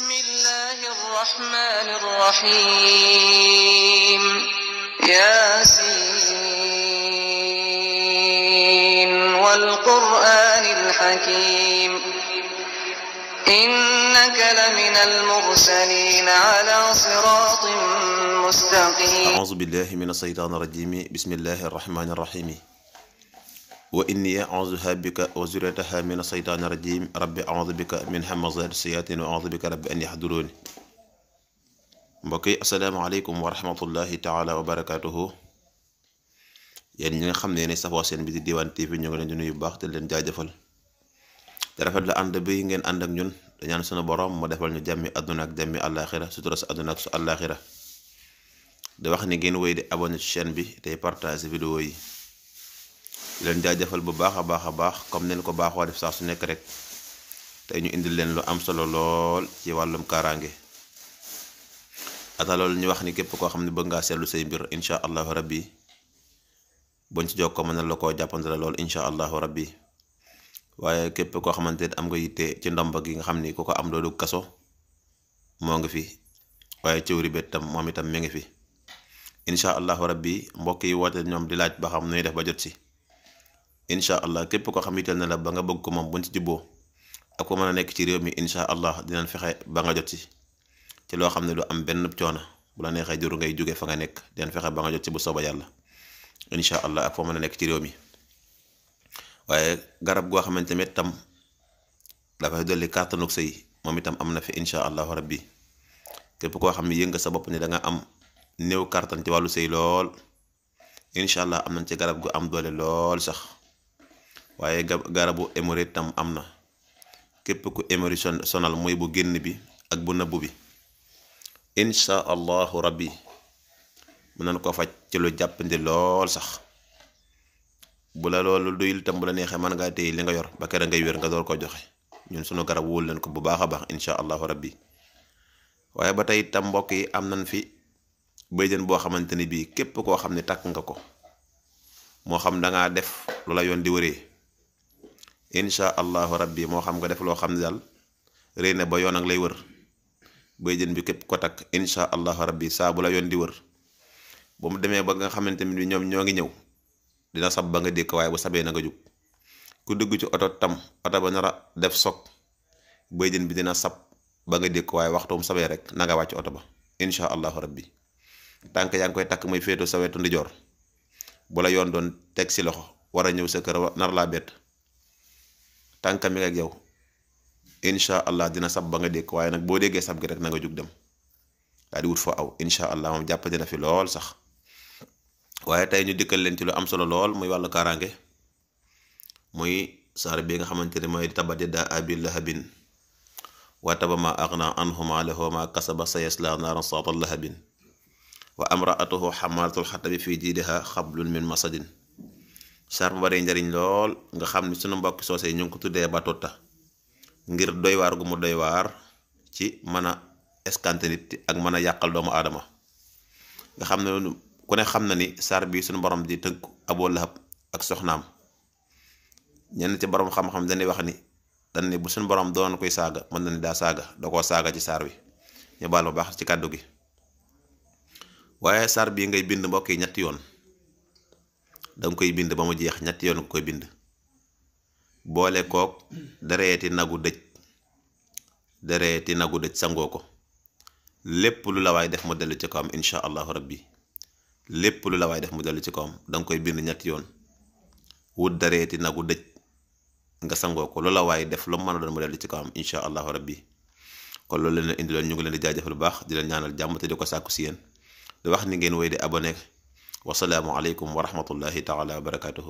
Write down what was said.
بسم الله الرحمن الرحيم ياسين والقرآن الحكيم إنك لمن المرسلين على صراط مستقيم أعوذ بالله من الشيطان الرجيم بسم الله الرحمن الرحيم wa inni auzuha bika wa zurriyataha min asaytaani rajim rabbi auzu bika min hamazati sayaatin wa auzu bika rabbi an yahduruuni mbokk yi asalaamaaleykum wa rahmatullahi taala wa barakaatuhu yéen ñi nga xam ne ne safoo seen bi di diwaan TV ñu ngi leen di nuyu baax te leen jaajëfal te rafet la ànd bi ngeen ànd ak ñun dañaan sunu borom mu defal ñu jàmmi àdduna ak jàmmi àllaaxira sutura sa àdduna ak su àllaaxira di wax ni ngeen wéy di abonné ci chaîne bi tey partage vidéo yi di leen jaajëfal bu baax a baax a baax comme neen ko baaxoo def saa su nekk rek tey ñu indil leen lu am solo lool ci wàllum kaaraange ata loolu ñu wax ni képp koo xam ne bëgg ngaa seetlu say mbir incha allahu rabbi buñ ci jokkoo mën na la koo jàppandala lool incha allahu rabbi waaye képp koo xamante ne am nga yitte ci ndomba gi nga xam ni ko ko am loolu kaso moo ngi fi waaye cëwri bet tam moom itam mi ngi fi incha allahu rabbi mbokk yi woote ñoom di laaj ba xam nuy def ba jot si. incha allah képp koo xam yitteel na ba nga bëgg ko moom buñ ci jubboo ak ko mën a nekk ci réew mi incha allah dinañ fexe ba nga jot ci ci loo xam ne lu am benn coono bu la neexee juru ngay jóge fa nga nekk dinañ fexe ba nga jot ci bu sooba yàlla incha allah ak mën a nekk ci réew mi waaye garab goo xamante ne tam dafay dolli kàttanug moom itam am na fi incha allahu rabbi képp koo xam ne yënga sa bopp ne da nga am néew kàttan ci wàllu sëy lool incha allah am nañ ci garab gu am doole lool sax. waaye garabu hémorroïde tam am na képp ku hémorroïde sonal mooy bu génn bi ak bu nëbb bi incha allahu rabbi mën nañ ko faj ci lu jàppandi lool sax bu la loolu duyul tam bu la neexee mën ngaa téye li nga yor ba kër ngay wér nga door ko joxe ñun sunu garab wóol leen ko bu baax a baax incha allahu rabbi waaye ba tey tam mbokk yi am nañ fi béykat boo xamante ni bii képp koo xam ne takk nga ko moo xam danga ngaa def loola yoon di wëree. incha allahu rabbi moo xam nga def loo xam ne daal rëy na ba yoon ak lay wër bay jën bi képp ko takk incha allahu rabbi saa bu la yoon di wër ba mu demee ba nga xamante ni ñoom ñoo ngi ñëw dina sab ba nga dékk waaye bu sabee na nga jug ku dugg ci oto tam oto ba nara def soq bay jën bi dina sab ba nga dékk waaye mu sabee rek nanga nga wàcc oto ba incha allahu rabbi tànk yaa ngi koy takk muy féetoo sa wetu ndijoor bu la yoon doon teg si loxo war a ñëw sa kër nar laa bett tànkam mi ak dina sab ba nga dégg waaye nag boo déggee sab gi rek nanga nga jug dem daal di wut foo aw incha allah moom jàppati na fi lool sax waaye tey ñu dikkal leen ci lu am solo lool muy wàllu kaaraange muy saar bi nga xamante ne mooy tabat yadaa abi lahabin wa taba maa aghnaa anhu maaluhu wa maa kasaba sayaslaa naaran zaata lahabin wa imra'atuhu hammaalatal hatabi fii jiidihaa hablun min masadin char bu baree njariñ lool nga xam ni sunu mbokki soose yi ñu ngi ko tuddee batuta ngir doy waar gu mu doy waar ci mën a eskante nit ak mën a yàqal doomu aadama nga xam ne ku xam na ni saar bii suñu borom di tënk Abu Lahab ak soxnaam ñenn ci borom xam-xam dañuy wax ni dañ bu suñu borom doon koy saaga mën na ni daa saaga da koo saaga ci saar bi ñu baal bu baax ci kàddu gi waaye sar bii ngay bind mbokk yi ñetti yoon danga koy bind ba mu jeex ñetti yoon nga koy bind boole kook dareeti nagu dëj dareeti nagu dëj sangoo ko lépp lu la waay def mu dellu ci kawam incha allahu rabbi lépp lu la waay def mu dellu ci kawam danga koy bind ñetti yoon wut dareeti nagu dëj nga sangoo ko lu la waay def lu mën a doon mu dellu ci kawam incha allahu rabbi kon loolu leen indi loon ñu ngi leen di jaajëfal lu baax di leen ñaanal jàmm te di ko sàkku si yéen di wax ni ngeen woy di abonné wasalaamualeykum wa rahmatullahi taala wa barakatuhu